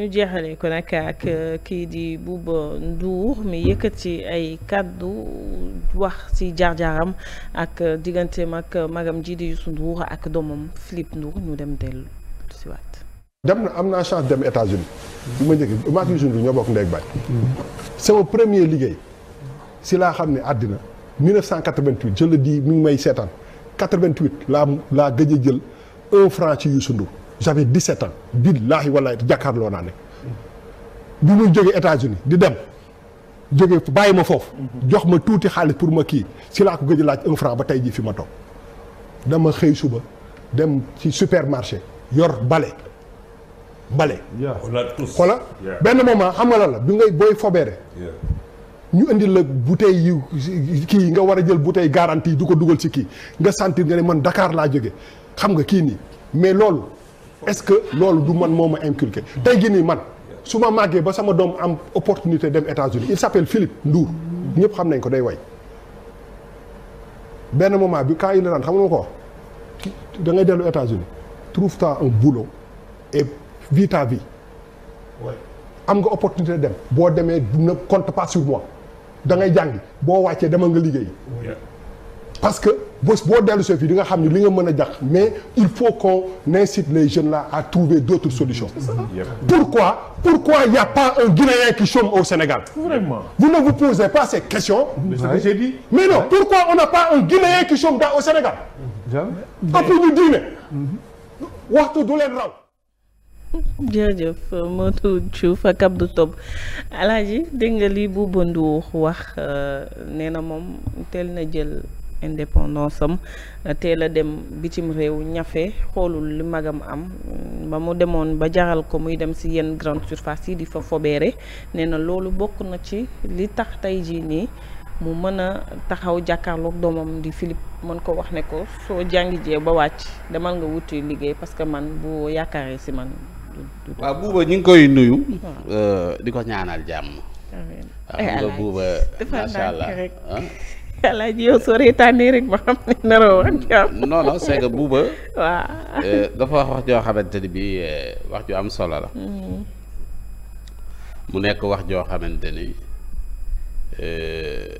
ñu jeexalee ko nag ak euh, kii di Bouba Ndour mi ci ay kàddu wax ci jaar-jaaram ak diggante ak magam ji di su Ndour ak doomam Philippe Ndour ñu dem dellu si waat. dem na am naa chance dem États-Unis bi ma njëkk maak Youssou Ndour ñoo bokk ndey ak sama premier liggéey si laa xam ne àddina 1988 je le dis mi ngi may seetaan 88 laa laa gëj a jël un franc ci Youssou Ndour j'avais 17 ans billaahi wallaahi jàkkaarloo naa ne bi muy jógee États-Unis di dem jógee bàyyi ma foofu jox ma tuuti xaalis pour ma kii si laa ko gëj laaj un franc ba tey jii fi ma toog dama xëy suba dem ci supermarché yor bale bale xoola benn moment xam nga la la bi ngay booy fobeere ñu indil la bouteille yi kii nga war a jël bouteille garantie du ko dugal ci kii nga sentir nga ne man Dakar laa jóge xam nga kii nii mais loolu est-ce que loolu du man moo ma inculqué tey jii nii man su ma màggee ba sama doom am opportunité dem États-Unis il s'appelle Philippe Ndour ñëpp xam nañ ko day way benn moment bi quand il rentre xam nga ko da ngay dellu États-Unis trouve-toi un boulot et nga opportunité dem boo demee ne compte pas sur moi da ngay jàngi boo wàccee demal nga liggéey parce que boo boo dellu see fii di nga xam ne li nga mën a jàq mais il faut qu'on incite les jeunes là à trouver d'autres solutions pourquoi pourquoi il n'y a pas un Guinéen qui chôme au Sénégal vous ne vous posez pas ces questions mais non pourquoi on n'a pas un Guinéen qui chôme dans au Sénégal ëpp ñu diine waxtu du leen raw jërëjëf Modou Diouf ak Abdou Top Alaaji dégg nga lii bu bëndu wax euh, nee na moom teel na jël indépendance am euh, teel a dem bitim réew ñafe xoolul li magam am ba mu demoon ba jaral ko muy dem si yenn grande surface yi di fa fobeere nee na loolu bokk na ci li tax tey jii nii mu mën a taxaw jàkkaarlook doomam di Philippe mën ko wax ne ko soo jàngi jee ba wàcc demal nga wuti liggéey parce que man bu yaakaaree si man. waaw buuba ñu ngi koy nuyu. Euh, di ko ñaanal jàmm. amiin buuba macha allah alaaji yow soo reetaanee rek ba xam ne naroo woon non non euh, wax joo xamante ni bii euh, wax ju am solo la mm. mu nekk wax joo xamante ni euh,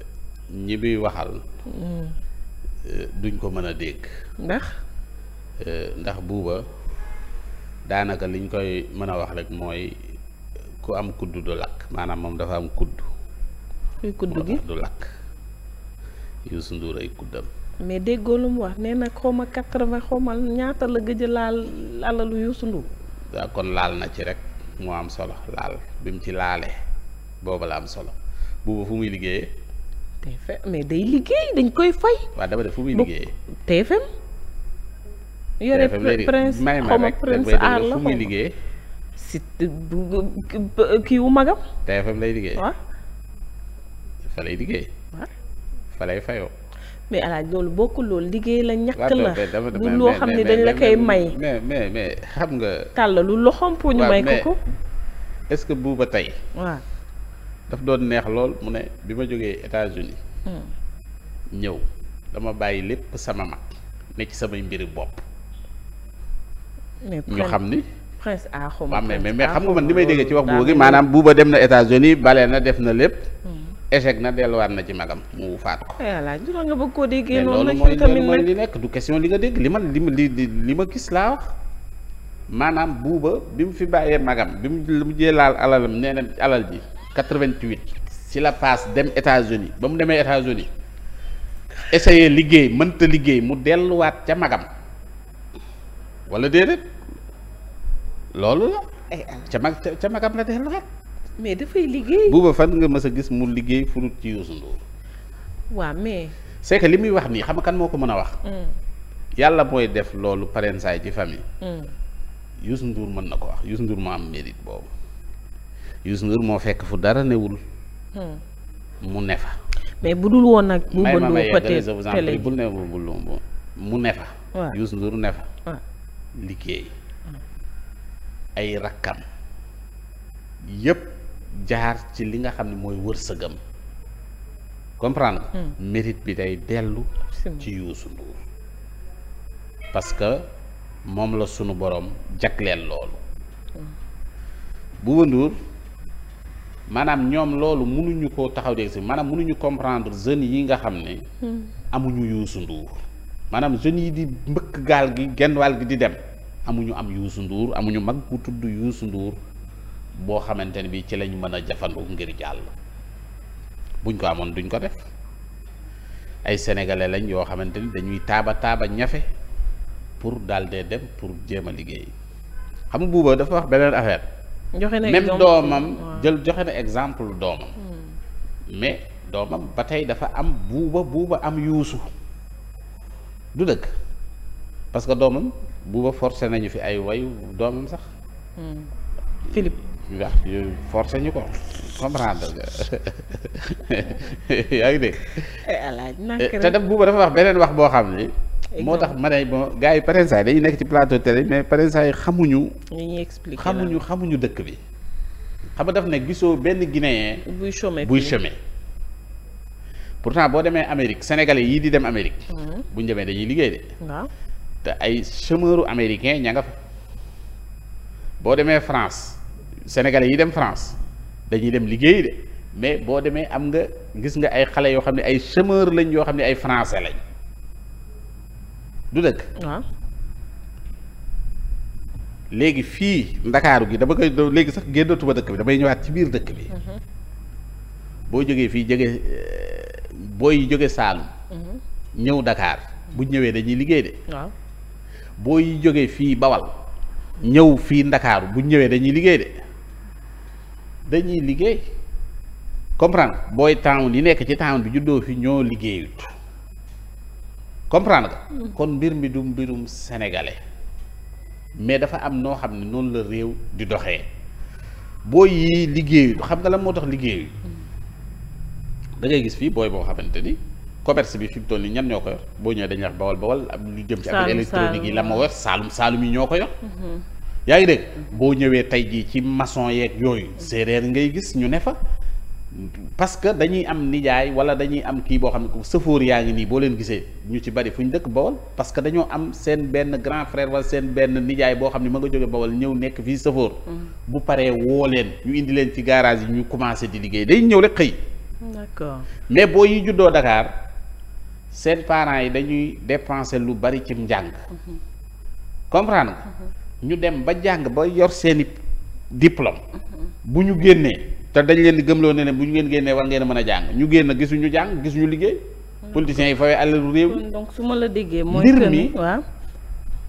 ñi muy waxal mm. duñ ko mën a dégg ndax ndax buuba daanaka liñ koy mën a wax rek mooy ku am kudd du lakk maanaam moom dafa am kudd kuy kudd gi du lakk Youssou Ndour ay kuddam mais déggoo lu mu wax nee na xaw ma quatre-vingt xaw ma ñaata la gëj a laal alalu Youssou Ndour waaw kon laal na ci rek moo am solo laal bi mu ci laalee booba la am solo buuba fu muy liggéeyee. TFM mais day liggéey dañ koy fay. waa dama def fu muy liggéeyee. TFM. yore prince xaw ma prince la fu muy liggéeyee. si kii wu magam. TFM lay liggéey. waaw fa lay liggéey. fa lay fayoo. mais alaaj loolu bokkul loolu liggéey la ñàkk la du loo xam ne dañ la koy may. mais mais mais xam nga. tàllalu loxoom pour ñu may ko ko. est-ce que buuba tey. waaw daf doon neex lool mu ne bi ma jógee États-Unis hmm. ñëw dama bàyyi lépp sama mag ne ci samay mbiri bopp. ñu xam ni. prince Axuma mais mais xam nga man li may déggee ci wax buuba gi maanaam buuba dem na États-Unis bale na def na lépp. échec na delluwaat na ci magam mu faat ko. voilà ñu nga bëgg koo déggee noonu nag tamit mooy li nekk du question li nga dégg ma li ma li ma gis laa maanaam buuba bi mu fi bàyyee magam bi mu mu jee laal nee alal ji 88 si la passe dem États-Unis ba mu demee États-Unis essayé liggéey mënta liggéey mu delluwaat ca magam wala déedéet la. ca mag ca mais dafay liggéey. buuba fan nga mës gis mu liggéey furut ci Youssou Ndour. waaw mais. c'est li muy wax nii xam nga kan moo ko mën a wax. Hmm. yàlla mooy def loolu parensaay ci famille. Hmm. Youssou Ndour mën na ko wax Youssou Ndour moo am mérite moo fekk fu dara newul. Hmm. mu ne fa. mais bu dul woon nag. bu bëndoo peut-être télé bu mu ne fa. waaw Youssou Ndour ne liggéey ay rakkam yépp jaar ci li nga xam ne mooy wërsëgam comprendre nga hmm. mérite bi day dellu ci Youssou Ndour parce que moom la sunu borom jagleel loolu hmm. Bouba Ndour maanaam ñoom loolu mënuñu koo taxaw dégg si maanaam mënuñu comprendre jeunes yi nga xam ne hmm. amuñu Youssou Ndour maanaam jeunes yi di mbëkk gaal gi genn waal gi di dem amuñu am Youssou Ndour amuñu mag bu tudd Youssou Ndour boo xamante ne bi ci lañ mën a jafandu ngir jàll buñ ko amoon duñ ko def ay sénégalais lañ yoo xamante ni dañuy taaba taaba ñafe pour daal dee dem pour jéem a liggéey xam nga buuba dafa wax beneen affaire. joxe na même doomam jël joxe na exemple doomam. Hmm. mais doomam ba tey dafa am buuba buuba am yuusu du dëkk parce que doomam buuba forcé nañu fi ay woyu doomam sax. Hmm. Philippe. wax forcé ñu ko comprendre nga yaa ngi dégg. Eh, eh, te daf buuba dafa wax beneen wax boo xam ni. Eh, moo tax ma ne bon gars yi parents dañuy nekk ci plateau télé mais parents yi xamuñu. xamuñu xamuñu dëkk bi. xam nga daf ne gisoo benn guinéen. buy chômer buy chômer. pourtant boo demee Amérique sénégalais yii di dem Amérique. Mm-hmm. bu ñu demee dañuy liggéey de. te ay chômeurs américain ña fa. boo demee France. sénégalais yi dem France dañuy dem liggéey de mais boo demee am nga gis nga ay xale yoo xam ne ay chômeur lañ yoo xam ne ay français lañ du dëkk. Ah. léegi fii ndakaaru gi dama koy léegi sax génnatuma dëkk bi damay ñëwaat ci biir dëkk bi. Mhm. boo jógee fii jóge euh, booy jóge Saalum. Mhm. ñëw ndakaar bu ñëwee dañuy liggéey de. waaw booy jógee fii Bawal ñëw fii Ndakaaru bu ñëwee dañuy liggéey de. dañuy liggéey comprendre booy town yi nekk ci town bi juddoo fi ñoo liggéeyut comprendre nga. Mm. kon mbir mi du mbirum sénégalais mais dafa am noo xam ne noonu la réew di doxee booy yi liggéeyut xam nga lan moo tax liggéeyut mm. da gis fii booy boo xamante ni. commerce bi fi mu toll nii ñan ñoo ko yor boo ñëwee dañuy wax bawal bawal am lu jëm ci affaire électronique yi la moo yor saalum saalum yi ñoo ko yor mm-hmm. yaa ngi dégg boo ñëwee tey jii ci maçon yeeg yooyu séeréer ngay gis ñu ne fa parce que dañuy am nijaay wala dañuy am kii boo xam ne ko sëfóor yaa ngi nii boo leen gisee ñu ci bari fu ñu dëkk bawol parce que dañoo am seen benn grand frère wala seen benn nijaay boo xam ne ma nga jóge bawol ñëw nekk fii sëfóor mm. bu paree woo leen ñu indi leen ci garage yi ñu commencé di liggéey day ñëw rek xëy mais boo yi juddoo Dakar seen parents yi dañuy dépenser lu bari ci njàng mm-hmm. ñu dem ba jàng ba yor seeni diplôme bu ñu génnee te dañ leen di gëmloo ne ne bu ñu ngeen génnee war ngeen a mën a jàng ñu génn gisuñu jàng gisuñu liggéey politiciens yi fawee alalu réew donc su ma la déggee mooy mbir mi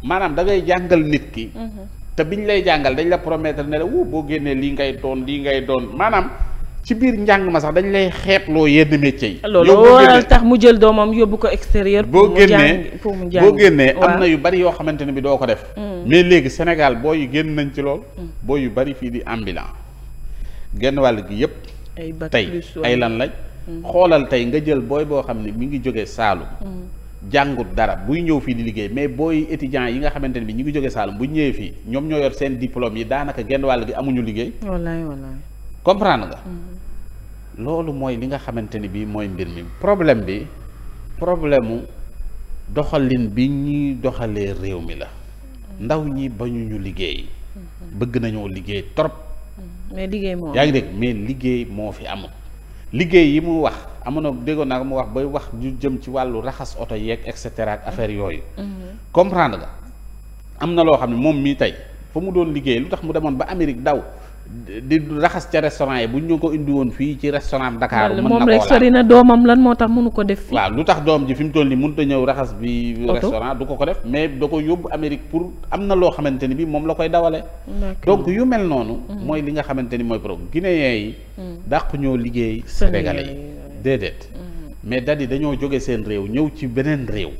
maanaam da ngay jàngal nit ki mhm. te bi biñ lay jàngal dañ la promettre ne boo génnee lii ngay doon lii ngay doon maanaam ci biir njàng ma sax dañ lay xeetloo yenn métiers yi. loolu waral tax mu jël doomam yóbbu ko extérieur. boo mu jàng pour mu boo génnee am na yu bari yoo xamante ne bi doo ko def. Mm. mais léegi Sénégal booy yu génn nañ ci lool. Mm. booy yu bari fii di ambulant. genn wàll gi yépp ay tey ay lan lañ. Mm. xoolal tey nga jël booy boo xam ne mi ngi jóge Saalum. jàngut dara buy ñëw fii di liggéey mais booy étudiants yi nga xamante bi ñu ngi jóge Saalum bu ñëwee fii ñoom ñoo yor seen diplôme yi daanaka genn wàll gi amuñu liggéey. wallaay comprendre nga. Mm. loolu mooy li nga xamante ni bii mooy mbir mi problème bi problème mu doxalin bi ñuy doxalee réew mi la mm. ndaw ñi bañuñu liggéey mm-hmm. bëgg nañoo liggéey trop. Mm. mais liggéey moo yaa ngi dégg mais liggéey moo fi amul. liggéey yi mu wax amoon déggoon naa ko mu wax bay wax ñu jëm ci wàllu raxas oto yeeg et cetera affaire yooyu. Mm-hmm. comprendre nga am na loo xam ne moom mii tey fa mu doon liggéey lu tax mu demoon ba Amérique daw. di raxas ca restaurant yi bu ñu ko indi woon fii ci restaurant Dakar. mën na moom rek sori na doomam lan moo tax mënu ko def. fii waaw lu tax doom ji fi mu toll nii mun a ñëw raxas bi. restaurant du ko ko def mais da ko yóbbu Amérique pour am na loo xamante ni bii moom la koy dawale. donc yu mel noonu. Mm. mooy li nga xamante ni mooy problème guinéen yi. Mm. dàq ñoo liggéey. sénégalais yi déedéet. Mm. mais dadi dañoo jóge seen réew ñëw ci beneen réew.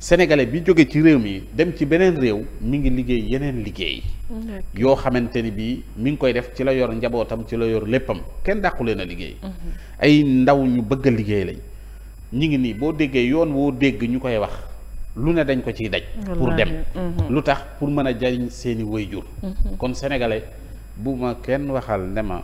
sénégalais bi jóge ci réew mi dem ci beneen réew mi ngi liggéey yeneen liggéey. yoo xamante ni bii mi ngi koy def ci la yor njabootam ci la yor léppam kenn dàqu leen a liggéey. Mhm. ay ndaw ñu bëgg liggéey lañ. ñi ngi nii boo déggee yoon woo dégg ñu koy wax lu ne dañ ko ciy daj. pour dem mhm. lu tax pour mën a jariñ seeni waajur. Mhm. kon sénégalais bu ma kenn waxal ne ma.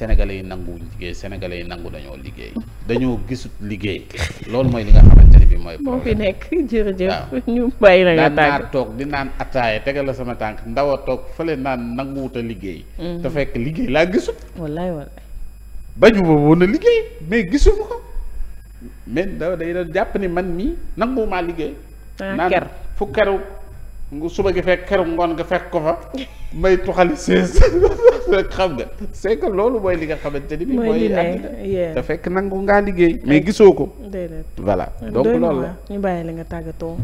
yi nanguwuñ liggéey sénégalais yi nangu dañoo liggéey dañoo gisut liggéey loolu mooy li nga xamante bi mooy. moo fi nekk jërëjëf. ñu bàyyi la nga tàgg daan toog di naan ataaya tegal la sama tànk ndaw a toog fële naan nanguwut a liggéey. Mm-hmm. te fekk liggéey laa gisul. wallaay wallaay. bañu ma woon a liggéey mais gisuma ko mais ndaw day doon jàpp ni man mii nanguwumaa liggéey. Ah, naan ker fu keru. ngu suba gi fekk keroog ngoon nga fekk ko fa may tuxali sées rek xam nga c'est que loolu booy li nga xamante ni bi mooy àddina te fekk nangu ngaa liggéey mais eh, gisoo ko voilà donc loolu la ñu bàyyi la nga tàggatoo